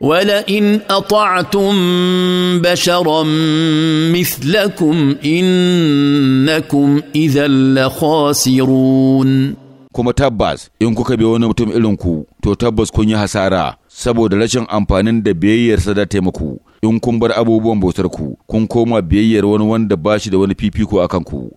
ولئن اطعتم بشرا مثلكم انكم اذا لخاسرون kuma tabbas in kuka bi wani mutum irin ku to tabbas kun yi hasara saboda rashin amfanin da biyayyarsa da taimaku in kun bar abubuwan bautar ku kun koma biyayyar wani wanda bashi da wani fifiko akan ku